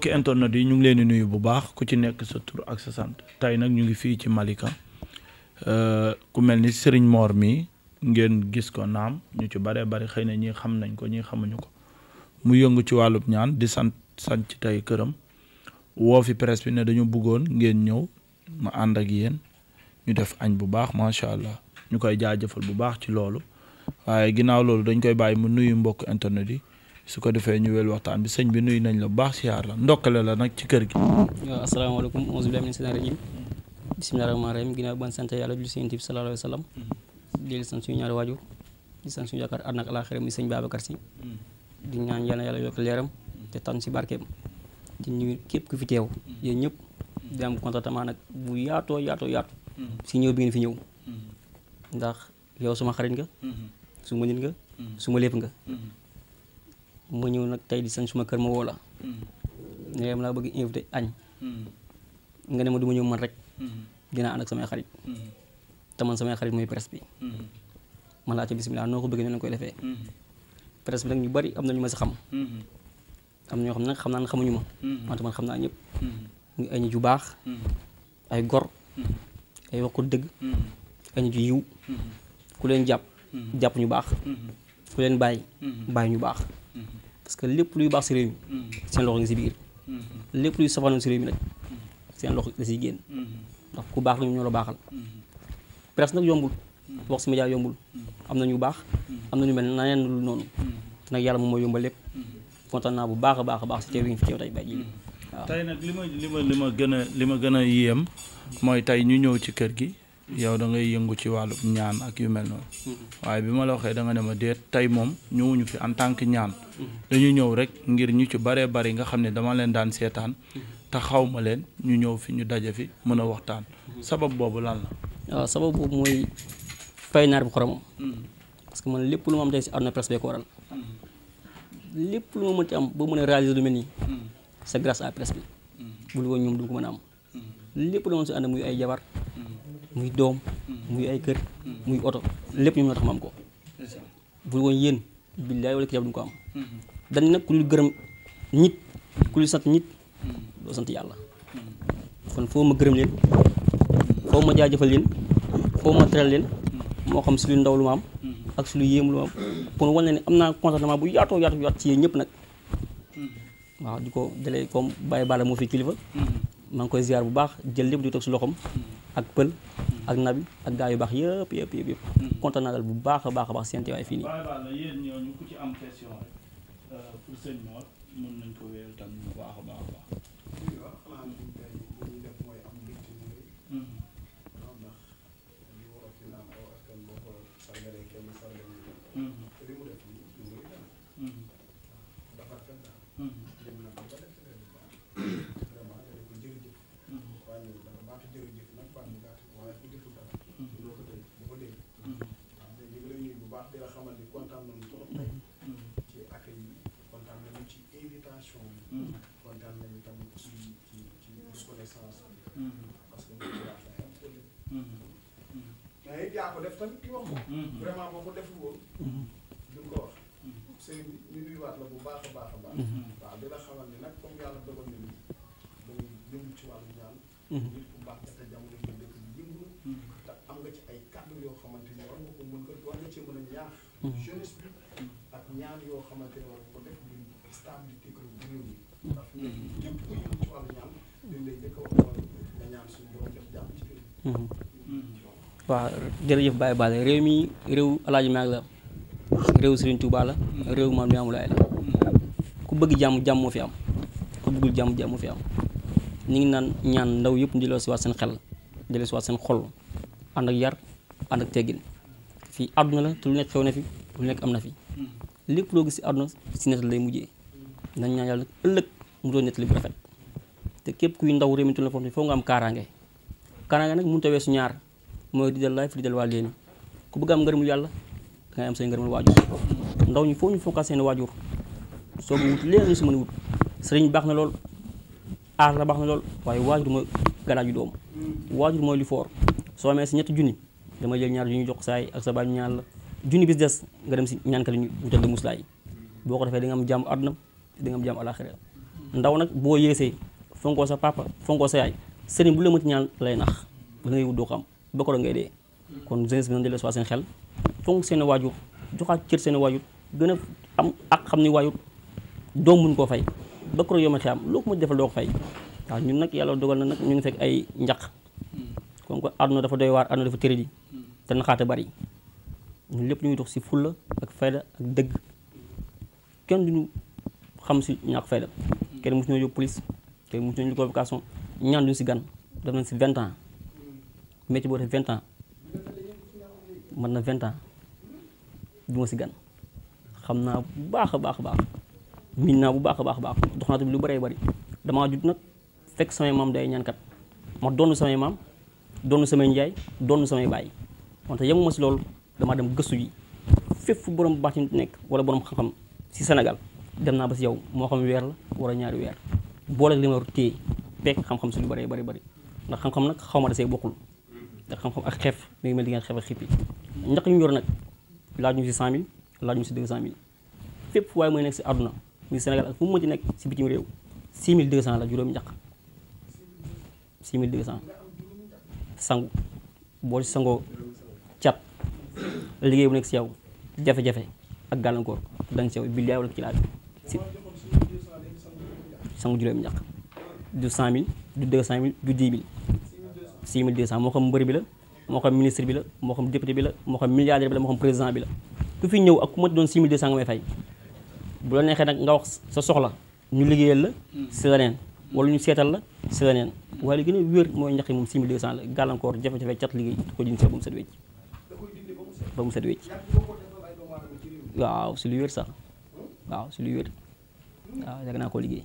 mbokki internet yi ñu ngi leen di nuyu bu baax ku ci nekk sa tur ak sa sant tey nag ñu ngi fii ci Malika euh, ku mel ni Serigne moor mi ngeen gis ko naam ñu ci baree bari xëy na ñi xam nañ ko ñii xamuñu ko mu yëngu ci wàllub ñaan di sant sant ci tey këram woo fi presse bi ne dañu bëggoon ngeen ñëw ma ànd ak yéen ñu def añ bu baax macha allah ñu koy jaajëfal bu baax ci loolu waaye ginnaaw loolu dañ koy bàyyi mu nuyu mbokk internet yi. su ko defee ñu wel waxtaan bi sëñ bi nuyu nañ la baax siyaar la ndokkale la nag ci kër gi. waaw asalaamaaleykum onze billahi mina seytaani rajim bisimilah rahmaani rahim sant yàlla julli seen tib sallallahu alayhi wa sallam di leen sant suñu ñaari waajur di sant suñu yaakaar àdduna ak àllaaxira mi sëñ Babacar Si di ñaan yàlla yàlla yokk leeram te tànn si barkeem di nuyu képp ku fi teew yéen ñëpp di am contentement nag bu yaatoo yaatoo yaatu si ñëw bi ngeen fi ñëw ndax yow suma xarit nga suma nit nga suma lépp nga ma ñëw nag tey di sañ suma kër ma woo la mm-hmm. ne leen laa bëgg invité añ mm-hmm. nga ne ma du ma ñëw man rek mm-hmm. dinaa ànd ak samay xarit te man samay xarit mooy presse bi man laa ca bisimilah noo ko bëggee noonu lañ koy defee presse bi nag ñu bari am na ñu ma si xam am na ñoo xam ne nag xam naa ne xamuñu ma wante man xam naa ñëpp ñu ay nit yu baax ay gor ay wax ko dëgg ay nit yu yiw ku leen jàpp jàpp ñu baax ku leen bàyyi bàyyi ñu baax parce que lépp luy baax si réew mi mm-hmm. seen loxo ngi si biir mm-hmm. lépp luy safaanoon si réew mi nag mm-hmm. seen loxo da siy génn ndax ku baax la ñu ñoo la baaxal presse nag yombul wax si média yombul am na ñu baax am na ñu mel na neen lu noonu nag yàlla moom mooy yombal lépp kontaan naa bu baax a baax a baax si teew yi fi teew tey bàyyi ji waaw tey nag li ma li ma li ma gën a li ma gën a yéem mooy tey ñu ñëw ci kër gi yow da yëngu ci wàllu ñaan ak yu mel noonu. Mm-hmm. waaye bi ma la waxee da nga ne ma déet tey moom ñëwuñu fi en tant que ñaan. Mm-hmm. dañu ñëw rek ngir ñu ci baree bari nga xam ne dama leen daan seetaan. Mm-hmm. te xaw ma leen ñu ñëw fi ñu daje fi mën a waxtaan. sabab boobu laal na waaw sabab boobu mooy fay naar bi xoromam. parce que man lépp lu ma am tey si àdduna presse bee ko waral. lépp lu ma mënti am ba mën a réaliser lu mel nii. c'est grâce à presse bi. bul woon ñoom du mën a am. lépp muy doom muy ay kër muy oto lépp ñoom ñoo tax ma ko bu woon yéen billaay wala kitaab duñ ko am dañ nag ku lu gërëm nit ku lu sant nit doo sant yàlla kon foo ma gërëm leen foo ma jaajafal leen foo ma teral leen moo xam si lu ndaw lu ma ak si lu yéem lu ma am pour wane ne am naa contentement bu yaatoo yaatu yaatu ci yéen ñëpp nag waaw di ko dalee comme Baye Balla moo fi kilifa mm-hmm. maa koy ziar bu baax jël lépp di toog si loxoom ak pël ak nabi ak gaa yu baax yëpp yëpp yëpp yëpp hmm. kontaan naa daal bu baax a baax a baax seen teewaay fii nii yéen ñooñu am question rek euh, pour sëñ Mor nañ ko wéyal tam bu baax a baax a sens parce que ñu mais it yaa ko def tamit ki wax ko deful woon du ko bi ñu nuyuwaat la bu baax baax a baax waaw dina xamal ni nag comme yàlla dogal na ni dañu yëngu ci wàllu ñaan nit baax te jamono ñu dëkk bi yëngu am nga ci ay kaddu yoo xamante ni war nga mën ko war nga cee mën a ñaax ak ñaan yoo xamante ni war nga ko def di stabilité ko réew mi ndax ñëpp ku yëngu ci wàllu ñaan Mhm. waaw jërëjëf Baye Balla réew mi réew Alaaji Maalik la réew Serigne Touba la réew Maam Limaamu Laay la ku bëgg jàmm jàmm moo fi am ku bëggul jàmm jàmm moo fi am ñu ngi naan ñaan ndaw yëpp si delloosiwaat seen xel delloosiwaat seen xol ànd ak yar ànd ak teggin fii àdduna la te lu nekk xew na fi lu nekk am na fi hmm. lépp loo gis si àdduna si nettal lay mujjee nañ ñaan yàlla ëllëg mu doon nettali bu rafet te képp kuy ndaw réew mi toll na foofu foo nga am kaaraange kaaraange nag mënut tawee weesu ñaar mooy di dal laay fi di dal waa ku bëgg am ngërëmul yàlla dangay am say ngërëmul waajur ndaw ñi foo ñu fokkaat seen waajur soo ko wut léegi ñu si mën wut sëriñ baax na lool aar la baax na lool waaye waajur mooy galaaju doom waajur mooy li foor soo amee si ñetti junni dama jël ñaar ñu jox saay ak sa baay ñaan la junni bis des nga dem si ñaan ka li ñu wutal di muslaay boo ko defe di am jàmm àdduna di nga am ndaw nag boo yéesee fonkoo sa papa fonkoo sa yaay sëriñ bu la mënti ñaan lay nax la ngay wut doo ko am ba ko ngay dee kon jeunesse bi nañ dellu seen xel fonk seen waajur joxaat cër seen waajur gën a am ak xam ni waajur doom mun koo fay ba ko yoma xam loo ko mën defal doo ko fay waaw ñun nag yàlla dogal na nag ñu ngi fekk ay njaq kon ko àdduna dafa doy waar àdduna dafa tëradi te naxaate bari ñun lépp ñu ngi dox si fulla ak fayda ak dëgg kenn duñu xam si ñàkk fayda kenn te mu nañu convocation ñaan ñu si gan def nañ si vingt ans métier boo def vingt ans mën na vingt ans du si gan xam naa bu baax a baax a baax miin naa bu baax a baax a baax dox naa tamit lu bëree bari damaa jut nag fekk samay maam day ñaankat ma doon samay maam doon samay njaay doon samay baay wante yemuma si loolu damaa dem gëstu yi fépp fu borom baax nekk wala borom xam-xam si senegal dem naa ba si yow moo xam weer la wala ñaari weer boole li ma war téye peeg xam-xam suñu bëree bëri bëri ndax xam-xam nag xaw ma da see bokkul ndax xam-xam ak xeef mi ngi mel di ngeen ak xippi ñaq ñu yor nag laaj ñu si cent mille laaj ñu si deux cent mille fépp nekk si àdduna muy Sénégal ak fu mu mënti nekk si bitim réew six mille la juróomi ñaq six mille deux cent sangu boo sangoo cat liggéey bu nekk si yow jafe-jafe ak gàllankoor danga si yow billaay wala ci laaj sangu juróomi njaq du 100000 du 200000 du 10000 sant moo xam mbër bi la moo xam ministre bi la moo xam député bi la moo xam milliardaire bi la moo xam président bi la ku fi ñëw ak ku ma doon 6200 nga may fay bu la neexee nag nga wax sa soxla ñu liggéeyal la si leneen ñu seetal la si leneen waaye li gën a wér mooy njaqi moom 6200 la gàllankoor jafe-jafe cat liggéey da ko dindi ba mu set wécc mu set wécc waaw si sax waaw si naa koo liggéey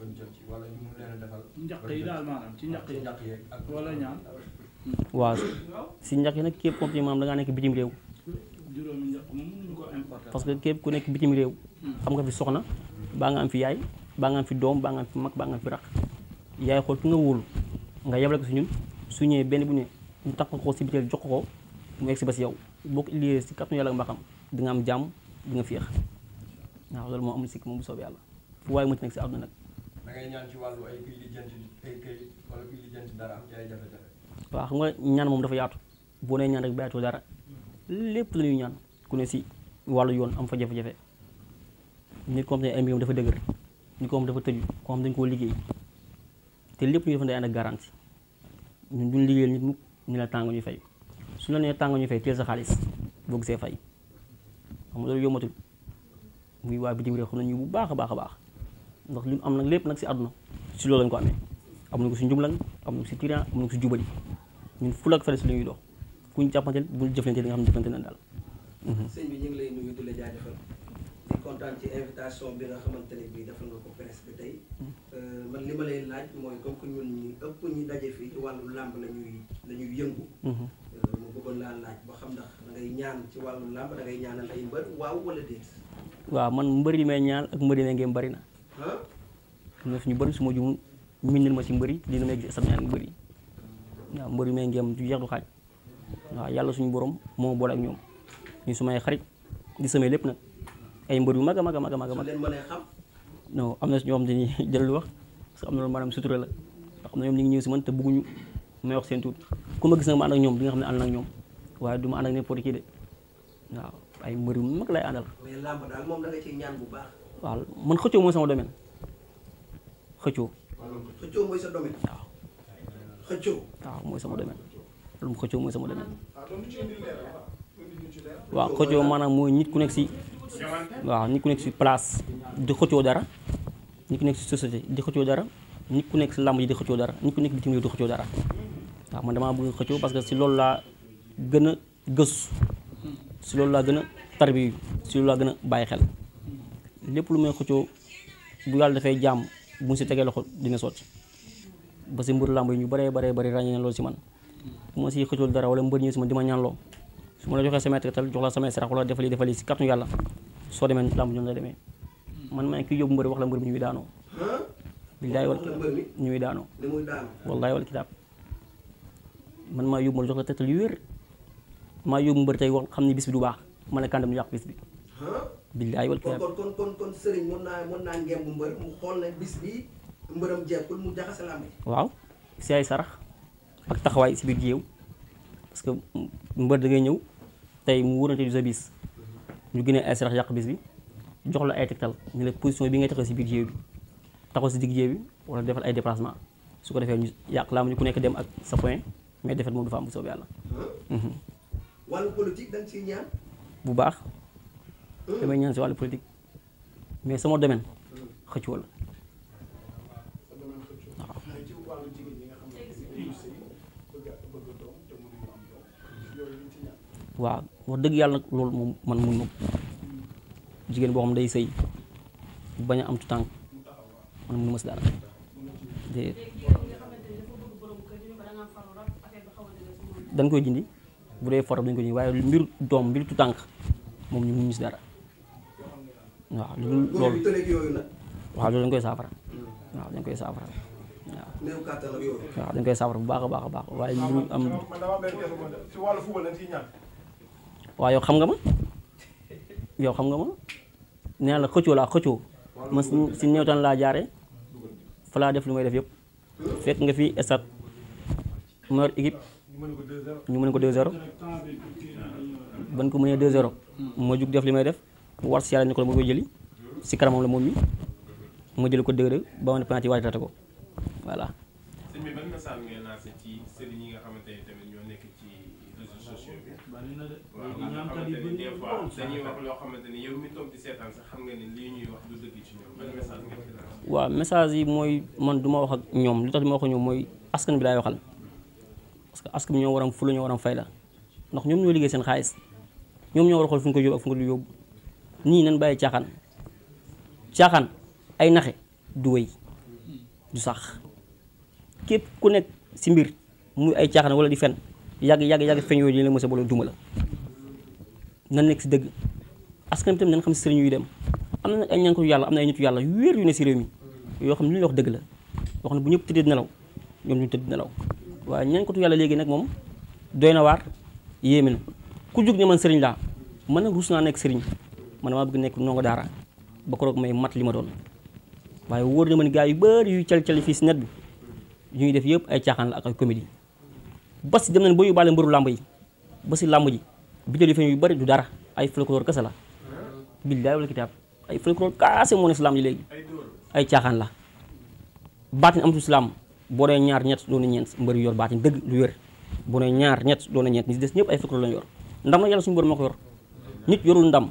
ba ñu jot ci wala ñu mun a defal. waaw si njaq yi nag képp koo ci maanaam nekk bitim réew. juróomi parce que képp ku nekk bitim réew. Hmm. xam nga fi soxna. baa nga am fi yaay baa nga am fi doom baa nga am fi mag baa fi rakk. yaay xool ki nga wóolu nga yebale ko si ñun su ñëwee benn bu ne ñu takk ko si biir jox ko mu egg si ba si yow boo ko liggéeyee si kàttanu yàlla nga xam di nga am jàmm di nga féex waaw loolu moo amul sikk moom bu soobee yàlla waaye mu ci nekk si àdduna nag da ngay ñaan xam nga ñaan moom dafa yaatu boo nee ñaan rek bàyyiwatu dara lépp la ñuy ñaan ku ne si wàllu yoon am fa jafe-jafe nit ko xam ne ay mbiram dafa dëgër nit ko xam dafa tëju ko xam dañ koo liggéey te lépp ñu dafa day ànd ak garantie ñun duñ liggéeyal nit mu ni la tàng ñu fay su la nee tàng ñu fay teel sa xaalis boo gisee fay xam nga loolu yombatul muy waa bitim réew xam nañu bu baax a baax a baax. ndax li ñu am nag lépp nag si àdduna si loolu lañ ko amee am nañ ko si njumlan am nañ bu ñu jëflante di nga xam ne jëflante nañ mhm. la jaajëfal di kontaan ci invitation bi nga xamante ne bii mhm. euh, la ñuy la ñuy yëngu. Mhm. Euh, ma bëggoon laa laaj ba xam ndax da ngay ñaan ci wàllu làmb da ngay ñaanal ay mbër waaw wala déet. waaw man mbër yi may ñaan ak mbër yi may ngeen na am na fi suma bëri su ma juum miinal ma ci mbëri dina may gis samñaan may du jeex du xaaj suñu borom moo boole ak ñoom ñu sumay xarit lépp nag ay mbër yu mag mag a mag a mag non am na ñoo xam te ni jëlal wax parce que la ndax ñoom ñu ngi ñëw si bëgguñu ma gis nag ma ànd ñoom di nga xam ne ànd ak ñoom waaye du ma ànd waaw ay mag lay àndal. mais làmb daal moom da waaw man xëccoo mooy sama domaine xëccoo. xëccoo mooy sa domaine. waaw. mooy sama domaine loolu xëccoo mooy sama domaine. Ah, waaw xëccoo maanaam mooy nit ku nekk si. waaw nit ku nekk si place di xëccoo dara. nit ku nekk si société di xëccoo dara. nit ku nekk si làmb ji di xëccoo dara nit ku nekk bitim réew di xëccoo dara. waaw man damaa bëgg xëccoo parce que si loolu laa gën a gëstu. si loolu laa gën a tarbiyu si loolu laa gën a bàyyi xel lépp lu may xëccoo bu yàlla dafay jàmm. bu si tegee loxo dina sotti ba si mburu làmb yi ñu bëree bëree bari ràññee na si man bu ma si xëccul dara wala mbër ñëw si man di ma ñaan su ma la joxee sama tegtal jox la sama sarax wala defali defali si kàttanu yàlla soo demee làmb ñoom lay demee man maa ngi kii yóbbu mbër wax la mbër mi ñuy daanoo billaay wal ñuy daanoo wallaay wal kitaab man maa yóbbu mbër jox la tegtal yu wér maa yóbbu mbër tey wax xam ne bis bi du baax ma la kàndam ñu yàq bis bi billaay wal kon kon kon kon sëriñ mën naa mën naa ngemb mbër mu xool ne bis bi mbëram jekkul mu jaxase lamb waaw si ay sarax ak taxawaay si biir jéew parce que mbër da ngay ñëw tey mu wóorante du sa bis ñu gënee ay sarax yàq bis bi jox la ay tegtal ñu la bi ngay taxaw si biir jéew bi taxaw si digg jéew bi wala defal ay déplacement su ko defee ñu yàq lamb ñu ku nekk dem ak sa point mais defet moom du fa am bu soobee yàlla wàllu politique dañ ciy ñaan bu baax damay ñaan si wàllu politique mais sama domaine xëccoo la waaw wax dëgg yàlla nag loolu moom man mun jigéen boo xam day sëy bañ a am tu tànk man mënu ma si dara de dañ koy jindi bu dee foto dañ koy jindi waaye mbir doom mbir tu tànk moom ñu ñu si dara waaw lu dul loolu hmm. waaw dañ koy saafara waaw dañ koy saafara waaw. dañ koy saafara bu baax a baax a baax waaye ñu am. waaw yow xam nga ma yow xam nga ma nee la xëccoo laa xëccoo ma si néewtaan laa jaare fa laa def lu may def yëpp hmm? fekk nga fi stade ma yor ñu mën ko 2-0 ban ko mënee 2-0 hmm. ma jug def li may def. war ni ko moo koy la moom mi mu jëli ko dëgg ba mën a ko voilà. sëñ yi nga xamante ne ñoo nekk ci waaw loo xamante ne xam nga ne message yi mooy man du ma wax ak ñoom lu tax du ma wax ak ñoom mooy askan bi laay waxal parce que askan bi ñoo waram fula ñoo waram fayda ndax ñoom ñoo liggéey seen xaalis ñoom ñoo war a xool fu ñu ko yóbbu ak fu ñu ko yóbbu. ñii nañ bàyyi caaxaan caaxaan ay naxe du wéy du sax képp ku nekk si mbir muy ay caaxaan wala di fen yàgg yàgg yàgg fen yooyu dina la mos a boole duma la nan nekk si dëgg askan tam nañ xam sëriñ yuy dem am na nag ay ñankatu yàlla am na ay nitu yàlla yu wér yu ne si réew mi yoo xam ne li dëgg la wax ne bu ñëpp tëddee nelaw ñoom ñu tëdd nelaw waaye ñankatu yàlla léegi nag moom doy na waar yéeme na ku jóg ne man sëriñ laa man nag ruus naa man maa bëgg nekk ndongo daara ba ko roog may mat li ma doon waaye wóor na ma ne gars yu bëri yuy cal-cali fii si net bi yu ñuy def yëpp ay caaxaan la ak ay comédie bas si dem ba yóbbaale mbëru làmb yi ba si làmb ji bidéo yu bëri du dara ay folklore kese la billaay wala kitaab ay folklore kaase moo ne caaxaan la baatin amatu si làmb boo ne ñaar ñett doon na ñeent mbër yu yor baatin dëgg lu wér boo nee ñaar ñett doon na ñeent ñi des ñëpp ay folklore lañ yor ndam na yàlla suñu moo ko yor nit yorul ndam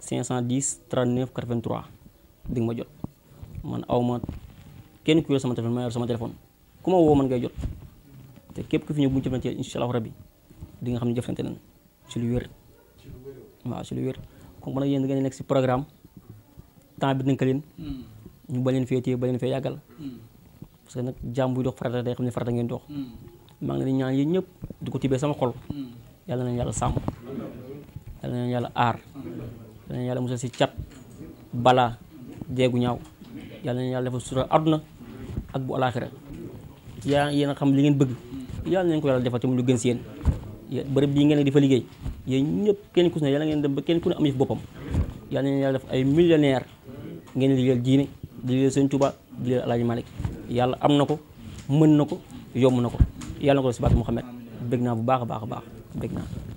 510 39 83 di nga ma jot man aw ma kenn ku yor sama téléphone ma yor sama téléphone ku ma woo man ngay jot te képp ki fi ñëw bu ñu jëflante incha allahu rabbi di nga xam ne jëflante ne ci lu wér waaw ci lu wér comme nag yéen da ngeen nekk si programme temps bi dënka leen hmm. ñu ba leen fee téye ba leen fee yàggal hmm. parce que nag jàmm buy dox farata day xam ne farata ngeen dox hmm. maa ngi leen ñaan yéen ñëpp di ko tibbee sama xol yàlla nañ yàlla sàmm yal na yàlla musal si cat balaa jeegu ñaaw yal na yàlla defal sutura àdduna ak bu alaaxira yaa yéen a xam li ngeen bëgg yal nañ ko yàlla defal ci mu lu gën si yéen bërëb bii ngeen ne dafa liggéey yéen ñëpp kenn ku si ne yàlla ngeen dem ba kenn ku ne am yëf boppam yal nañ yàlla def ay millionnaire ngeen liggéeyal diine di liggéeyal Sëñ Tuubaa di Malik yàlla am na ko mën na ko yomb na ko yàlla na ko def si baat Muhammad bëgg naa bu baax a baax a baax bëgg